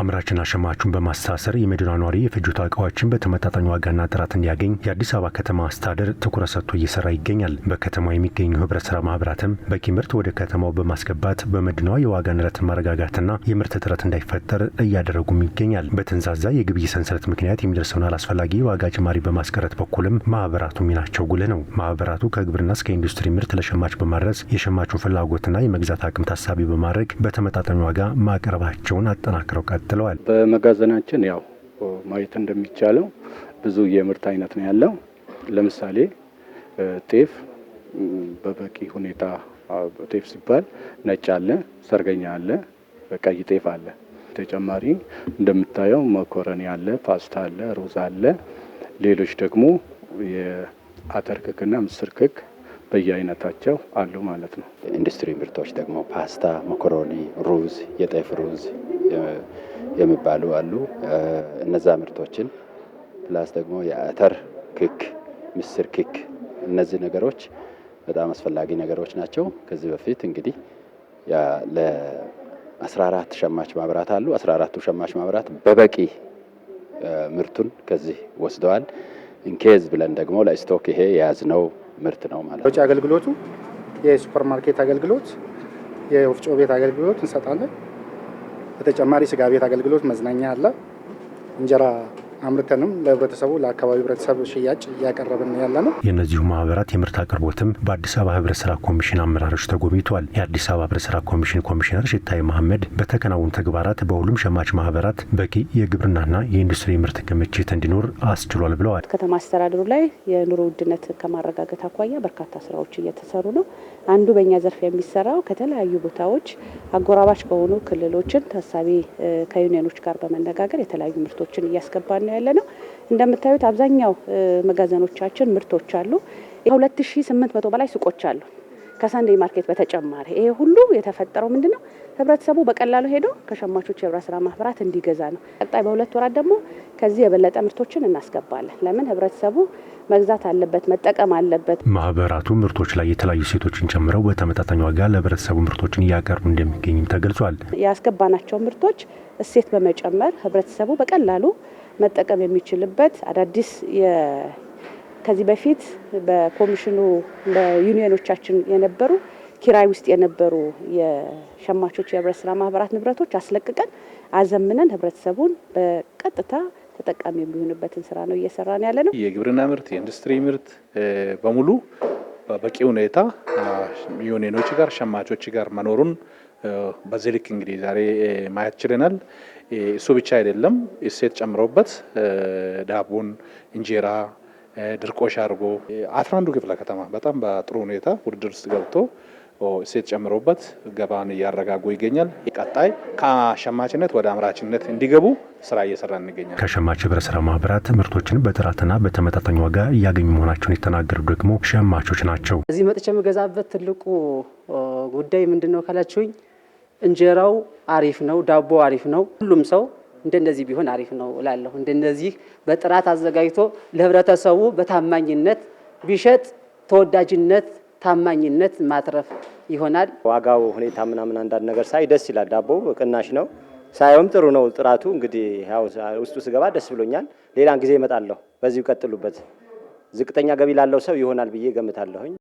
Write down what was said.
አምራችና ሸማቹን በማስተሳሰር የመዲና ኗሪ የፍጆታ እቃዎችን በተመጣጣኝ ዋጋና ጥራት እንዲያገኝ የአዲስ አበባ ከተማ አስተዳደር ትኩረት ሰጥቶ እየሰራ ይገኛል። በከተማው የሚገኙ ህብረት ስራ ማህበራትም በቂ ምርት ወደ ከተማው በማስገባት በመዲናዋ የዋጋ ንረትን ማረጋጋትና የምርት እጥረት እንዳይፈጠር እያደረጉም ይገኛል። በተንዛዛ የግብይት ሰንሰለት ምክንያት የሚደርሰውን አላስፈላጊ የዋጋ ጭማሪ በማስቀረት በኩልም ማህበራቱ ሚናቸው ጉልህ ነው። ማህበራቱ ከግብርና እስከ ኢንዱስትሪ ምርት ለሸማች በማድረስ የሸማቹን ፍላጎትና የመግዛት አቅም ታሳቢ በማድረግ በተመጣጣኝ ዋጋ ማቅረባቸውን አጠናክረው ተከትለዋል። በመጋዘናችን ያው ማየት እንደሚቻለው ብዙ የምርት አይነት ነው ያለው። ለምሳሌ ጤፍ በበቂ ሁኔታ ጤፍ ሲባል ነጭ አለ፣ ሰርገኛ አለ፣ ቀይ ጤፍ አለ። ተጨማሪ እንደምታየው መኮረኒ አለ፣ ፓስታ አለ፣ ሩዝ አለ። ሌሎች ደግሞ የአተር ክክና ምስር ክክ በየአይነታቸው አሉ ማለት ነው። ኢንዱስትሪ ምርቶች ደግሞ ፓስታ፣ መኮሮኒ፣ ሩዝ፣ የጤፍ ሩዝ የሚባሉ አሉ። እነዛ ምርቶችን ፕላስ ደግሞ የአተር ክክ፣ ምስር ክክ፣ እነዚህ ነገሮች በጣም አስፈላጊ ነገሮች ናቸው። ከዚህ በፊት እንግዲህ ለ14 ሸማች ማህበራት አሉ። 14ቱ ሸማች ማህበራት በበቂ ምርቱን ከዚህ ወስደዋል። ኢንኬዝ ብለን ደግሞ ለስቶክ ይሄ የያዝነው ምርት ነው ማለት ነው። አገልግሎቱ የሱፐርማርኬት አገልግሎት፣ የወፍጮ ቤት አገልግሎት እንሰጣለን። በተጨማሪ ስጋ ቤት አገልግሎት፣ መዝናኛ አለ እንጀራ አምርተንም ለህብረተሰቡ ለአካባቢ ህብረተሰብ ሽያጭ እያቀረብን ያለ ነው። የእነዚሁ ማህበራት የምርት አቅርቦትም በአዲስ አበባ ህብረት ስራ ኮሚሽን አመራሮች ተጎብኝተዋል። የአዲስ አበባ ህብረት ስራ ኮሚሽን ኮሚሽነር ሽታይ መሐመድ በተከናወኑ ተግባራት በሁሉም ሸማች ማህበራት በቂ የግብርናና የኢንዱስትሪ ምርት ክምችት እንዲኖር አስችሏል ብለዋል። ከተማ አስተዳደሩ ላይ የኑሮ ውድነት ከማረጋገጥ አኳያ በርካታ ስራዎች እየተሰሩ ነው። አንዱ በእኛ ዘርፍ የሚሰራው ከተለያዩ ቦታዎች አጎራባች በሆኑ ክልሎችን ታሳቢ ከዩኒየኖች ጋር በመነጋገር የተለያዩ ምርቶችን እያስገባን ነው ያለ ነው። እንደምታዩት አብዛኛው መጋዘኖቻችን ምርቶች አሉ። ከሁለት ሺ ስምንት መቶ በላይ ሱቆች አሉ ከሳንዴ ማርኬት በተጨማሪ ይሄ ሁሉ የተፈጠረው ምንድን ነው? ህብረተሰቡ በቀላሉ ሄዶ ከሸማቾች የህብረት ስራ ማህበራት እንዲገዛ ነው። ቀጣይ በሁለት ወራት ደግሞ ከዚህ የበለጠ ምርቶችን እናስገባለን። ለምን ህብረተሰቡ መግዛት አለበት፣ መጠቀም አለበት። ማህበራቱ ምርቶች ላይ የተለያዩ ሴቶችን ጨምረው በተመጣጣኝ ዋጋ ለህብረተሰቡ ምርቶችን እያቀርቡ እንደሚገኝም ተገልጿል። ያስገባናቸው ምርቶች እሴት በመጨመር ህብረተሰቡ በቀላሉ መጠቀም የሚችልበት አዳዲስ ከዚህ በፊት በኮሚሽኑ በዩኒዮኖቻችን የነበሩ ኪራይ ውስጥ የነበሩ የሸማቾች የህብረት ስራ ማህበራት ንብረቶች አስለቅቀን አዘምነን ህብረተሰቡን በቀጥታ ተጠቃሚ የሚሆንበትን ስራ ነው እየሰራን ያለ ነው። የግብርና ምርት፣ የኢንዱስትሪ ምርት በሙሉ በበቂ ሁኔታ ዩኒዮኖች ጋር ሸማቾች ጋር መኖሩን በዚህ ልክ እንግዲህ ዛሬ ማየት ችለናል። እሱ ብቻ አይደለም፣ እሴት ጨምሮበት ዳቦን፣ እንጀራ፣ ድርቆሽ አድርጎ አስራ አንዱ ክፍለ ከተማ በጣም በጥሩ ሁኔታ ውድድር ውስጥ ገብቶ እሴት ጨምሮበት ገባን እያረጋጉ ይገኛል። ቀጣይ ከሸማችነት ወደ አምራችነት እንዲገቡ ስራ እየሰራ እንገኛል። ከሸማች ህብረት ስራ ማህበራት ምርቶችን በጥራትና በተመጣጣኝ ዋጋ እያገኙ መሆናቸውን የተናገሩ ደግሞ ሸማቾች ናቸው። እዚህ መጥቼ የምገዛበት ትልቁ ጉዳይ ምንድን ነው ካላችሁኝ፣ እንጀራው አሪፍ ነው፣ ዳቦ አሪፍ ነው። ሁሉም ሰው እንደነዚህ ቢሆን አሪፍ ነው እላለሁ። እንደነዚህ በጥራት አዘጋጅቶ ለህብረተሰቡ በታማኝነት ቢሸጥ ተወዳጅነት ታማኝነት ማትረፍ ይሆናል። ዋጋው ሁኔታ ምናምን አንዳንድ ነገር ሳይ ደስ ይላል። ዳቦ ቅናሽ ነው ሳይሆም ጥሩ ነው ጥራቱ። እንግዲህ ያው ውስጡ ስገባ ደስ ብሎኛል። ሌላን ጊዜ እመጣለሁ። በዚሁ ቀጥሉበት። ዝቅተኛ ገቢ ላለው ሰው ይሆናል ብዬ ገምታለሁኝ።